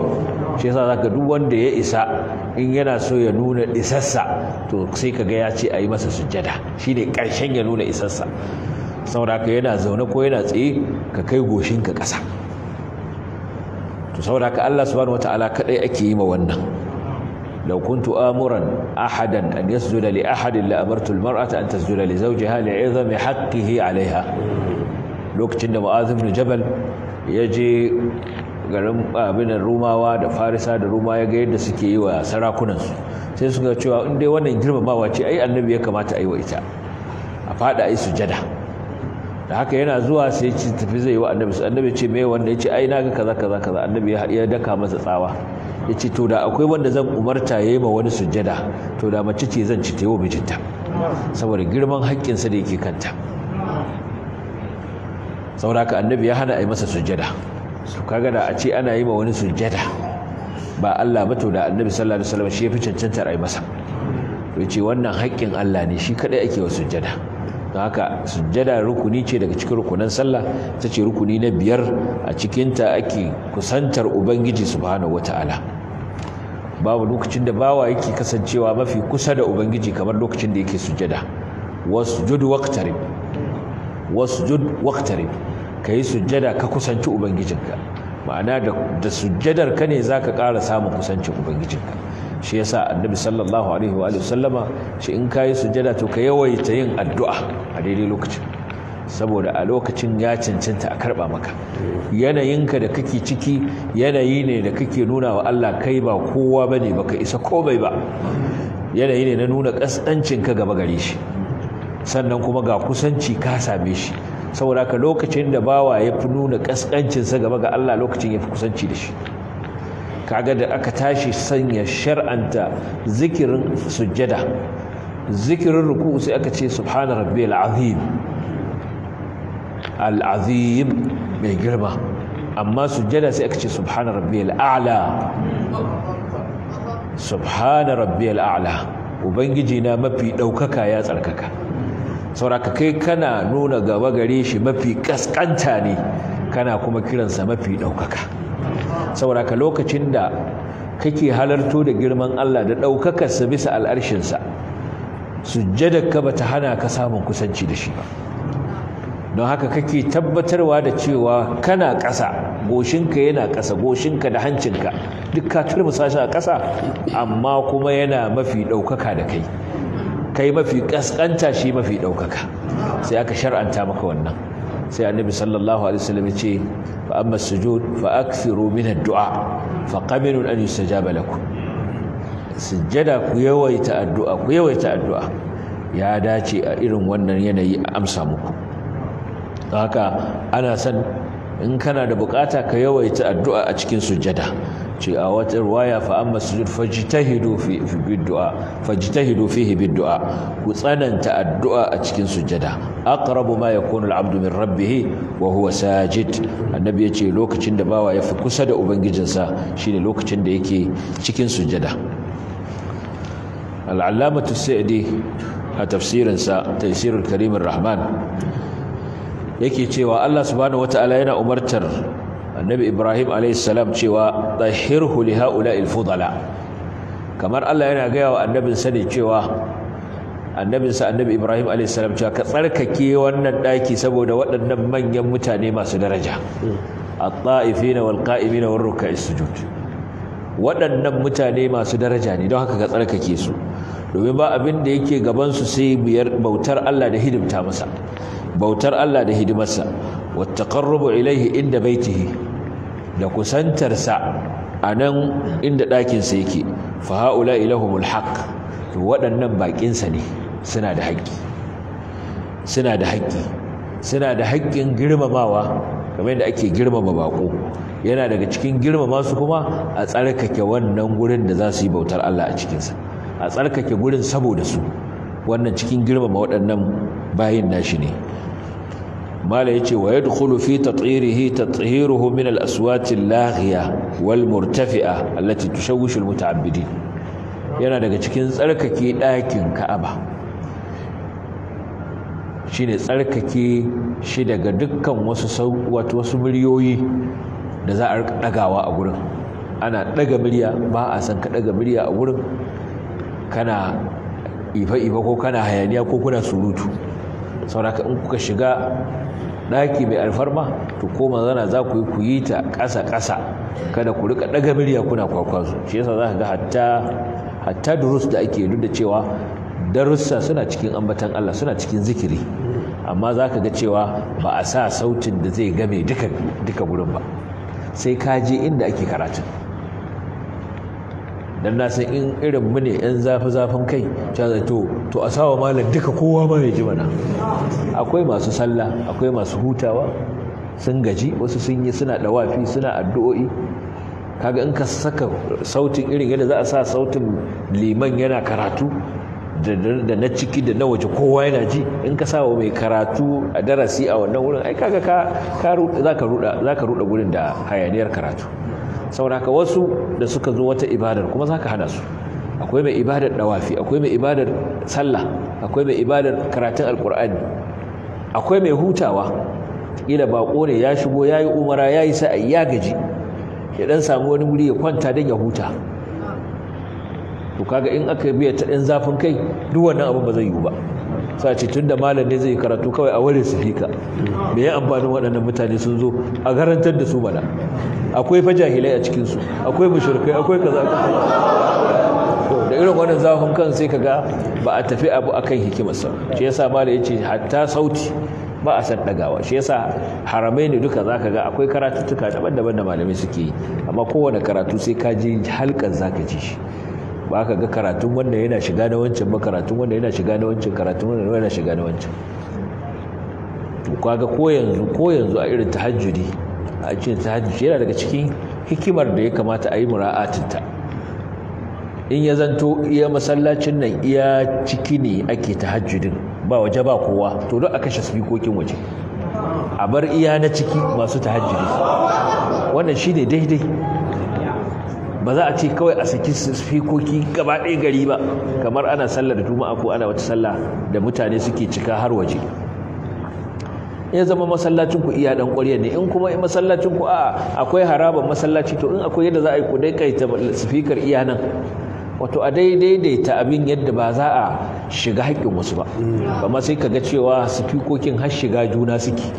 shi yasa ka duk wanda ya isa in yana so ya nuna isassa to sai ka ya ce a yi masa sujjada shi ne ƙarshen ya nuna isassa saboda ka yana zaune ko yana tsaye ka kai ka kasa to sauraka ka Allah subhanahu wataala kadai ake yi ma wannan law kuntu amuran ahadan an yasjuda li ahadin la amartu almar'ata an tasjuda li zawjiha li'izami haqqihi 'alayha lokacin da mu'adh ibn jabal je garin abin rumawa da farisa da ruma ya ga yadda suke yi wa sarakunansu sai suka cewa in dai wannan girmamawa ce ai annabi ya kamata ayi wa ita a fada a sujada da haka yana zuwa sai ci tafi zai yi wa annabi su annabi ce me wanda ce ai naga kaza kaza kaza annabi ya daka masa tsawa yace to da akwai wanda zan umarta yi ma wani sujjada to da mace ce zan ci tewo mijinta saboda girman haƙƙin sa da yake kanta saboda haka annabi ya hana ai masa sujjada su kaga da a ce ana yi ma wani sujjada ba Allah ba to da annabi sallallahu alaihi wasallam shi ya fi cancantar yi masa yace wannan haƙƙin Allah ne shi kadai ake wa sujjada don haka sujjada rukuni ce daga cikin rukunan sallah ta ce rukuni na biyar a cikinta ake kusantar ubangiji subhanahu wata'ala babu lokacin da bawa yake kasancewa mafi kusa da ubangiji kamar lokacin da yake sujjada wasjud waqtarib wasjud waqtarib kai sujjada ka kusanci ubangijinka ma'ana da sujjadar ka ne zaka kara samun kusancin ubangijinka shi yasa annabi sallallahu alaihi wa sallama shi in kayi sujada to ka yawaita yin addu'a a daidai lokacin saboda a lokacin ya cancanta a karba maka yanayinka da kake ciki yanayi ne da kake nuna wa Allah kai ba kowa bane baka isa komai ba yanayi ne na nuna kasancin ka gaba gare shi sannan kuma ga kusanci ka same shi saboda ka lokacin da bawa ya fi nuna kasancin sa gaba ga Allah lokacin ya fi kusanci da shi kaga da aka tashi sanya shar'anta zikirin sujjada zikirin ruku sai aka ce subhana rabbi azim al mai girma amma sujjada sai aka ce subhana rabbi a'la subhana rabbi a'la ubangiji na mafi ɗaukaka ya tsarkaka sauraka kai kana nuna gaba gare shi mafi kaskanta ne kana kuma kiransa mafi ɗaukaka. saboda ka lokacin da kake halarto da girman Allah da ɗaukakarsa bisa al'arshinsa sujjadarka ba ta hana ka samun kusanci da shi ba don haka kake tabbatarwa da cewa kana ƙasa goshinka yana ƙasa goshinka da hancinka duk ka turmusa shi a ƙasa amma kuma yana mafi ɗaukaka da kai kai mafi ƙasƙanta shi mafi ɗaukaka sai aka shar'anta maka wannan sai annabi sallallahu alaihi wasallam ya ce fa amma sujud fa akthiru min ad-du'a fa qabilun an yustajaba lakum sujjada ku yawaita addu'a ku yawaita addu'a ya dace a irin wannan yanayi a amsa muku haka ana san in kana da bukata ka yawaita addu'a a cikin sujada, ce a wata ruwaya fa amma sujud fajtahidu fi bid'a fajtahidu fihi bid'a ku tsananta addu'a a cikin sujada aqrabu ma yakunu al-'abdu min rabbihi wa huwa sajid annabi yace lokacin da bawa fi kusa da ubangijinsa shine lokacin da yake cikin sujada. al-'allamatu sa'di a tafsirinsa taysirul karimir rahman yake cewa Allah subhanahu wataala yana umartar annabi Ibrahim alaihissalam cewa tahhirhu li haula'il fudala kamar Allah yana gaya wa annabin sani cewa annabin sa annabi Ibrahim alaihissalam cewa ka tsarkake wannan daki saboda waɗannan manyan mutane masu daraja at-ta'ifina wal qa'imina sujud waɗannan mutane masu daraja ne don haka ka tsarkake su domin ba abin da yake gaban su sai bautar Allah da hidimta masa bautar Allah da hidimarsa wattaqarrubu ilaihi inda baitihi da kusantarsa a nan inda ɗakinsa yake faha'ula haula ilahumul haqq to waɗannan baƙinsa ne suna da haƙƙi suna da haƙƙi suna da haƙƙin girmamawa kamar yadda ake girmama baƙo yana daga cikin girmama su kuma a tsarkake wannan gurin da za su yi bautar Allah a cikinsa a tsarkake gurin saboda su wannan cikin girmama waɗannan bayin nashi ne mala yace wa yadkhulu fi tat'irihi tat'iruhu min al-aswat al-laghiya wal murtafi'a allati tushawwishu al-muta'abbidin yana daga cikin tsarkake dakin Ka'aba shine tsarkake shi daga dukkan wasu wato wasu miliyoyi da za a dagawa a gurin ana daga miliya ba a san ka daga miliya a gurin kana ifa ifa ko kana hayaniya ko kuna surutu sauraka in kuka shiga ɗaki mai alfarma to ko zana za ku yi ku yi ta ƙasa-ƙasa kada ku rika ɗaga murya kuna kwakwazo shi yasa za ka ga hatta hatta durus da ake duk da cewa darussa suna cikin ambatan Allah suna cikin zikiri amma za ka ga cewa ba a sa sautin da zai game duka gurin ba sai ka je inda ake karatun dan na san in irin mu ne yan zafi zafin kai cewa zai to to a sawa malam duka kowa ba ya ji mana akwai masu sallah akwai masu hutawa sun gaji wasu sun yi suna dawafi suna addu'o'i kaga in ka saka sautin irin yadda za a sa sautin liman yana karatu da na ciki da na waje kowa yana ji in ka sawa mai karatu a darasi a wannan wurin ai kaga ka za ka ruda gurin da hayaniyar karatu sauraka wasu da suka zo wata ibadar kuma za ka hada su akwai mai ibadar dawafi akwai mai ibadar sallah akwai mai ibadar karatun alkur'ani akwai mai hutawa ƙila baƙo ne ya shigo ya yi umara ya yi sa'ai ya gaji ya dan samu wani wuri ya kwanta don ya huta to kaga in aka biya ta ɗan zafin kai duk wannan abin ba zai yiwu ba sa tun da malam ne zai karatu kawai a wurin su fika me ya amfanin waɗannan mutane sun zo a garantar da su bala akwai fa jahilai a cikinsu akwai mushrikai akwai kaza da irin wannan zafin kan sai kaga ba a tafi abu akan hikimarsa shi yasa ya yace hatta sauti ba a san dagawa shi yasa haramai ne duka zaka ga akwai karatuttuka daban-daban da malamai suke yi amma kowane karatu sai ka ji halkan zaka ji shi ba ka ga karatun wanda yana shiga na wancan ba karatun wanda yana shiga na wancan karatun wanda yana shiga na wancan to kaga ko yanzu ko yanzu a irin tahajjudi a cikin tahajjudi yana daga cikin hikimar da ya kamata a yi mura'atinta in ya zanto iya masallacin nan iya ciki ne ake tahajjudin ba waje ba kowa to don a kashe spikokin waje a bar iya na ciki masu tahajjudi wannan shine daidai ba za a ce kawai a saki sifikoki gaba ɗaya gari ba kamar ana sallar juma'a ko ana wata sallah da mutane suke cika har waje ya zama masallacin ku iya dan ne in kuma masallacin ku a akwai haraban masallaci to in akwai yadda za a yi ku dai kaita sifikar iya nan wato a daidaita abin yadda ba za a shiga haƙƙin wasu ba amma sai ka ga cewa sifikokin har shiga juna suke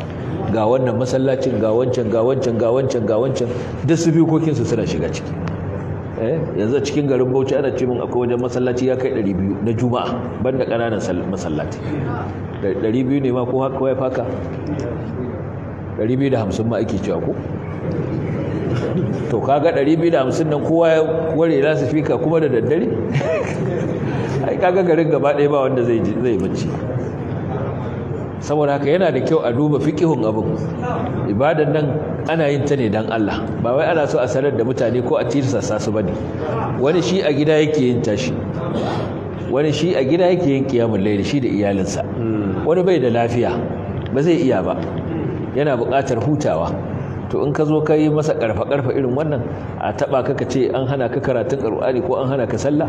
ga wannan masallacin ga wancan ga wancan ga wancan ga wancan duk sifikokin su suna shiga ciki Eh, yanzu cikin garin bauchi ana ce min akwai wajen masallaci ya kai 200 na juma'a banda ƙananan masallaci 200 ne ma ko haka wai faka 250 ma ake cewa ko to kaga 250 nan kowa ya ware lasifika kuma da daddare [LAUGHS] ai kaga garin gaba ɗaya ba wanda zai zai saboda haka yana da kyau a duba fikihun abin ibadan nan ana yin ta ne don Allah ba wai ana so a sanar da mutane ko a tirsasa su bane wani shi a gida yake yin tashi wani shi a gida yake yin kiyamun layl shi da iyalinsa hmm. wani bai da lafiya ba zai iya ba yana bukatar hutawa to in ka zo ka yi masa karfa karfa irin wannan a taba ka ka ce an hana ka karatun alqur'ani ko an hana ka sallah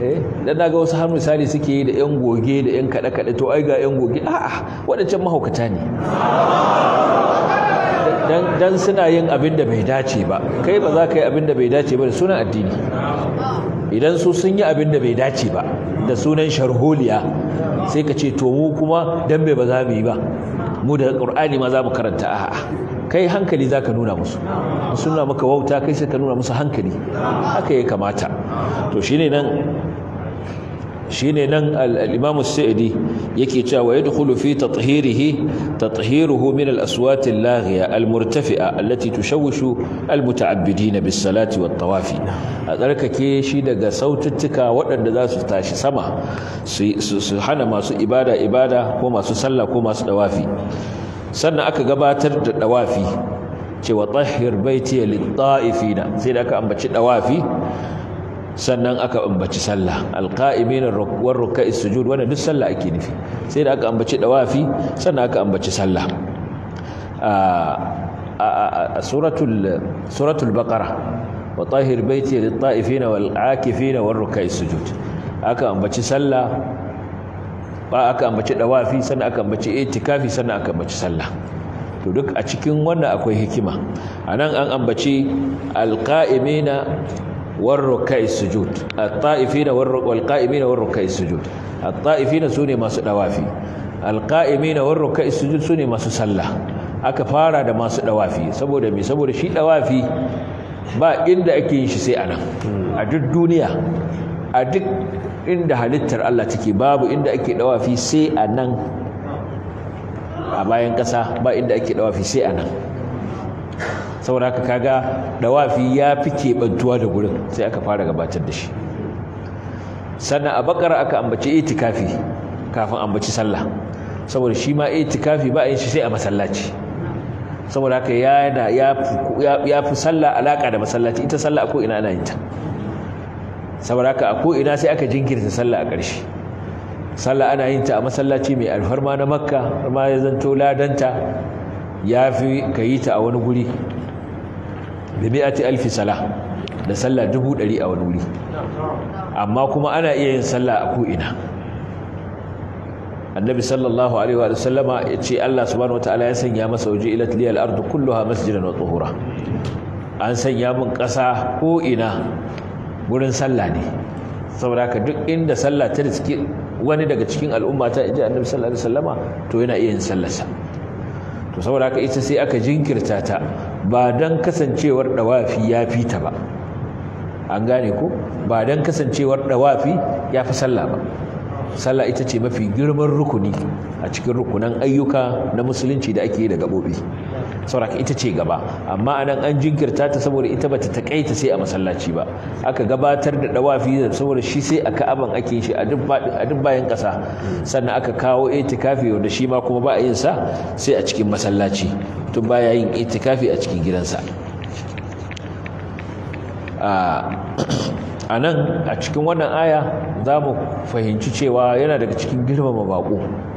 eh dan naga wasu har misali suke yi da yan goge da yan kada kada to ai ga yan goge a'a wadancan mahaukata ne dan suna yin abin da bai dace ba kai ba za ka yi abin da bai dace ba da sunan addini idan su sun yi abin da bai dace ba da sunan sharholiya sai ka ce to mu kuma dan bai ba za mu yi ba mu da qur'ani ma za mu karanta a'a kai hankali za ka nuna musu sun nuna maka wauta kai sai ka nuna musu hankali haka ya kamata to shine nan shine nan al-Imam Sa'idi yake cewa yadkhulu fi tathhirihi tathiruhu min al-aswat al-laghiya al-murtafi'a allati tushawwishu al-muta'abbidin bis-salati wat-tawafi a tsarkake shi daga saututtuka waɗanda za su tashi sama su hana masu ibada ibada ko masu sallah ko masu dawafi sannan aka gabatar da dawafi cewa tahhir baiti lit-ta'ifina sai da aka ambaci dawafi sannan aka ambaci sallah alqa'imin war ruk'a'is sujud wannan duk sallah ake nufi sai da aka ambaci dawafi sannan aka ambaci sallah a suratul suratul baqara wa tahhir baiti lit-ta'ifina wal-'akifina war ruk'a'is sujud aka ambaci sallah ba aka ambaci dawafi sannan aka ambaci itikafi sannan aka ambaci sallah to duk a cikin wannan akwai hikima anan an ambaci alqa'imina war rukai sujud at-ta'ifina wal qa'imina war rukai sujud at-ta'ifina sune masu dawafi alqa'imina war rukai sujud sune masu sallah aka fara da masu dawafi saboda me saboda shi dawafi ba inda ake yin shi sai anan a duk duniya a duk inda halittar Allah take babu inda ake dawafi sai a nan a bayan ƙasa ba inda ake dawafi sai a nan saboda haka kaga dawafi ya fi bantuwa da gurin sai aka fara gabatar da shi sannan a bakara aka ambaci itikafi kafin ambaci sallah saboda shi ma itikafi ba a yin shi sai a masallaci saboda haka ya fi sallah alaka da masallaci ita sallah ko ina ana yin ta saboda haka a ko'ina sai aka jinkirta sallah a ƙarshe sallah ana yin ta a masallaci mai alfarma na makka ma ya zanto ladanta ya fi ka yi ta a wani guri da alfi sala da sallah dubu ɗari a wani guri. amma kuma ana iya yin sallah a ko'ina annabi sallallahu alaihi wa sallama ya ce Allah subhanahu wa ta'ala ya sanya masa waje ila tiliyal ardu kulluha masjidan wa tuhura an sanya min ƙasa ko ina wurin sallah ne saboda ka duk inda sallah ta riski wani daga cikin al'umma ta iji annabi sallallahu alaihi wasallama to yana iya yin sallarsa to saboda haka ita sai aka jinkirta ta ba don kasancewar dawafi ya fi ba an gane ko ba dan kasancewar dawafi ya fi sallah ba sallah ita ce mafi girman rukuni a cikin rukunan ayyuka na musulunci da ake yi da gaɓoɓi sauraka ita ce gaba amma anan an jinkirta ta saboda ita bata takaita sai a masallaci ba aka gabatar da dawafi saboda shi sai a ka'aban ake shi a duk bayan kasa sannan aka kawo itikafi wanda shi ma kuma ba a yin sa sai a cikin masallaci tun baya yin itikafi a cikin gidansa a nan a cikin wannan aya za mu fahimci cewa yana daga cikin girmama baƙo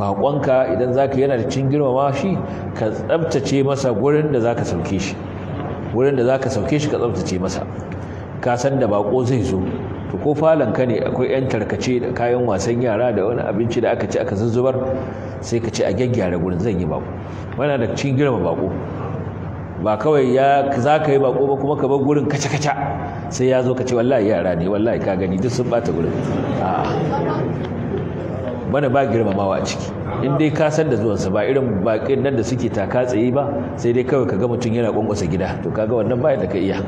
baƙonka idan za ka yana da cin girmama shi ka tsabtace masa gurin da za ka sauke shi wurin da za ka sauke shi ka tsabtace masa ka san da baƙo zai zo to ko ka ne akwai 'yan tarkace da kayan wasan yara da wani abinci da aka ci aka zuzubar sai ka ce a gyaggyara gurin zan yi baƙo mana da cin girma baƙo ba kawai ya za ka yi baƙo ba kuma ka bar gurin kaca-kaca sai ya zo ka ce wallahi yara ne wallahi ka gani duk sun bata gurin a'a bana ba girmamawa a ciki in dai ka san da zuwansa ba irin bakin nan da suke taka tsaye ba sai dai kawai ka ga mutum yana ƙwanƙwasa gida to kaga wannan ba da ka iya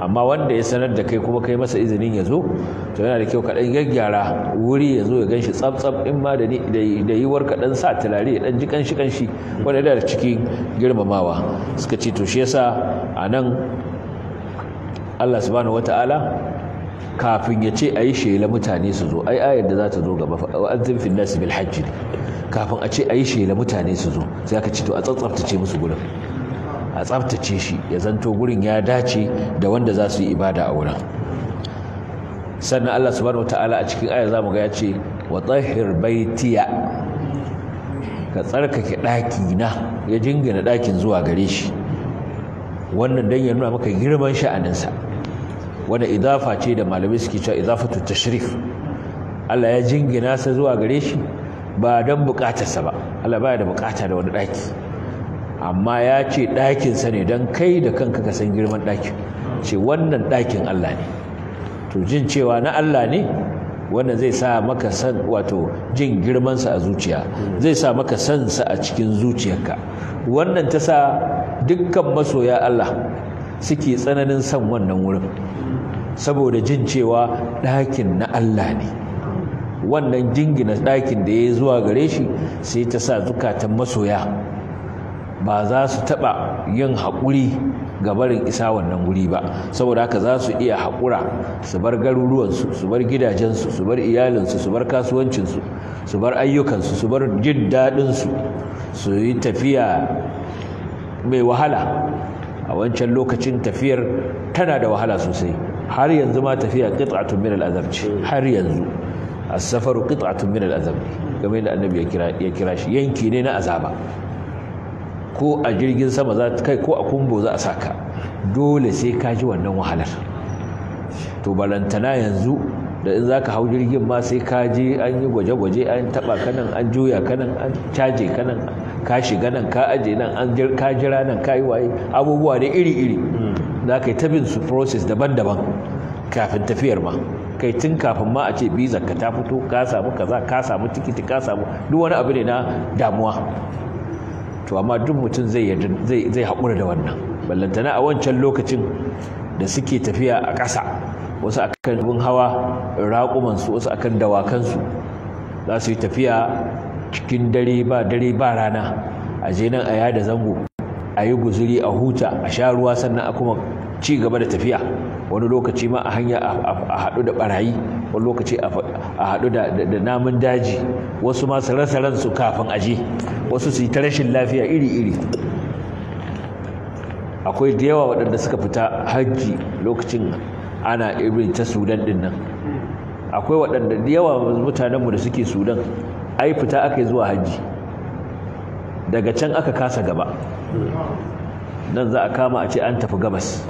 amma wanda ya sanar da kai kuma kai masa izinin ya zo to yana da kyau ka dan gyaggyara wuri ya zo ya ganshi tsabtsab in ma da da yiwar ka dan sa tulare ya dan ji kanshi kanshi wanda da cikin girmamawa suka ce to shi yasa anan Allah subhanahu wataala kafin ya ce a yi shela mutane su zo ai ayar da za ta zo gaba an zin nasi bil hajji ne kafin a ce a yi shela mutane su zo sai aka ce to a tsantsaftace musu gurin a tsaftace shi ya zanto gurin ya dace da wanda za su yi ibada a wurin sannan Allah subhanahu ta'ala a cikin ayar zamu ga ya ce wa tsahir baitiya ka tsarkake ɗaki na ya jingina ɗakin zuwa gare shi wannan dan ya nuna maka girman sha'aninsa wanda idafa ce da malamai suke cewa idafatu tashrif Allah ya jingina sa zuwa gare shi ba don bukatarsa ba Allah baya da bukata da wani daki amma ya ce dakin sa ne don kai da kanka ka san girman dakin ce wannan dakin Allah ne to jin cewa na Allah ne wannan zai sa maka san wato jin girmansa a zuciya zai sa maka sansa a cikin zuciyarka wannan ta sa dukkan masoya Allah suke tsananin san wannan wurin saboda jin cewa ɗakin na Allah ne wannan jingina ɗakin da ya yi zuwa gare shi sai ta sa zukatan masoya ba za su taɓa yin haƙuri ga barin isa wannan wuri ba saboda haka za su iya haƙura su bar garuruwansu su bar gidajensu su bar iyalinsu su bar kasuwancinsu su bar ayyukansu su bar jin daɗinsu su yi tafiya mai wahala a wancan lokacin tafiyar tana da wahala sosai har yanzu ma tafiya qit'atun min al ce har yanzu as-safaru qit'atun min al'azab game da annabi ya kira ya kira shi yanki ne na azaba ko a jirgin sama za kai ko a kumbo za a saka dole sai ka ji wannan wahalar to balantana yanzu da in zaka hau jirgin ma sai ka ji an yi gwaje-gwaje an taba kanan an juya kanan an caje kanan ka shiga nan ka aje nan an ka jira nan ka yi waye abubuwa ne iri-iri za ka yi tabin su process daban-daban kafin tafiyar ma kai tun kafin ma a ce bizar ka ta fito ka samu kaza ka samu tikiti ka samu duk wani abu ne na damuwa to amma duk mutum zai zai haƙura da wannan ballantana a wancan lokacin da suke tafiya a ƙasa wasu akan bin hawa raƙumansu wasu akan dawakansu za su yi tafiya cikin dare ba dare ba rana a je nan a yada zango a yi guzuri a huta a sha ruwa sannan a kuma ci gaba da tafiya wani lokaci ma a hanya a haɗu da barayi wani lokaci a haɗu da namun daji wasu ma su rasa ransu kafin aje wasu su yi ta rashin lafiya iri-iri akwai da yawa waɗanda suka fita hajji lokacin ana irin ta sudan ɗin nan akwai waɗanda da yawa mutanenmu da suke sudan ai fita aka yi zuwa hajji daga can aka kasa gaba nan za a kama a ce an tafi gabas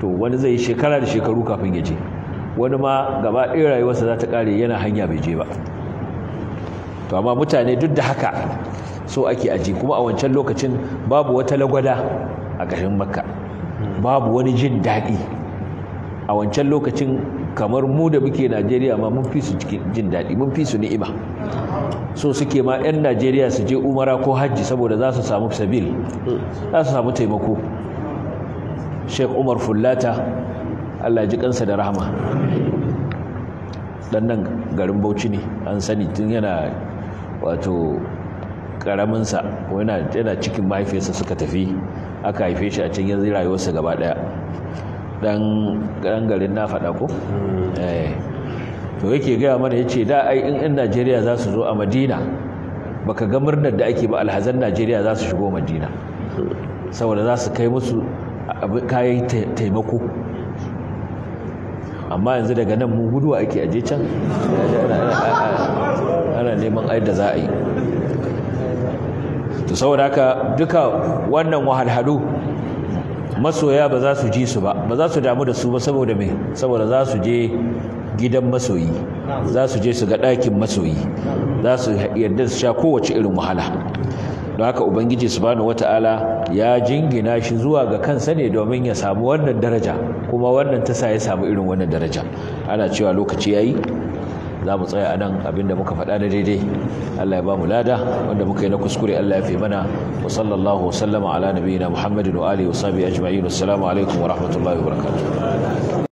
to wani zai yi shekara da shekaru kafin ya je wani ma gaba ɗaya rayuwarsa za ta ƙare yana hanya bai je ba to amma mutane duk da haka so ake aji kuma a wancan lokacin babu wata lagwada a ƙashin makka babu wani jin daɗi a wancan lokacin kamar mu da muke najeriya ma mun fi su jin daɗi mun fi su ni'ima so suke ma 'yan najeriya su je umara ko hajji saboda za su samu sabil za su samu taimako sheikh umar fullata allah ji kansa da rahama dan nan garin bauchi ne an sani tun yana wato karaminsa yana cikin mahaifiyarsa suka tafi aka haife shi a can yanzu rayuwarsa gaba daya dan garin na faɗa ko mm. eh. to yake gaya mana yace da ai in in najeriya za su zo a madina baka ga murnar da ake ba alhazan najeriya za su shigo madina mm. saboda za su kai musu kayan taimako amma yanzu daga nan mu guduwa ake aje can ana neman ai da za a yi to saboda haka duka wannan wahalhalu masoya ba za su ji su ba ba za su damu da su ba saboda me saboda za su je gidan masoyi za su je su ga ɗakin masoyi za su yarda su sha kowace irin wahala don haka ubangiji subhanahu wata'ala ya jingina shi zuwa ga kansa ne domin ya samu wannan daraja kuma wannan tasa ya samu irin wannan daraja ana cewa lokaci yayi za mu tsaya anan abinda muka faɗa na daidai Allah ya ba mu lada wanda muka yi na kuskure Allah ya fi mana wa sallallahu wa sallama ala nabiyyina Muhammadin wa alihi wa sahbihi ajma'in assalamu alaikum wa rahmatullahi wa barakatuh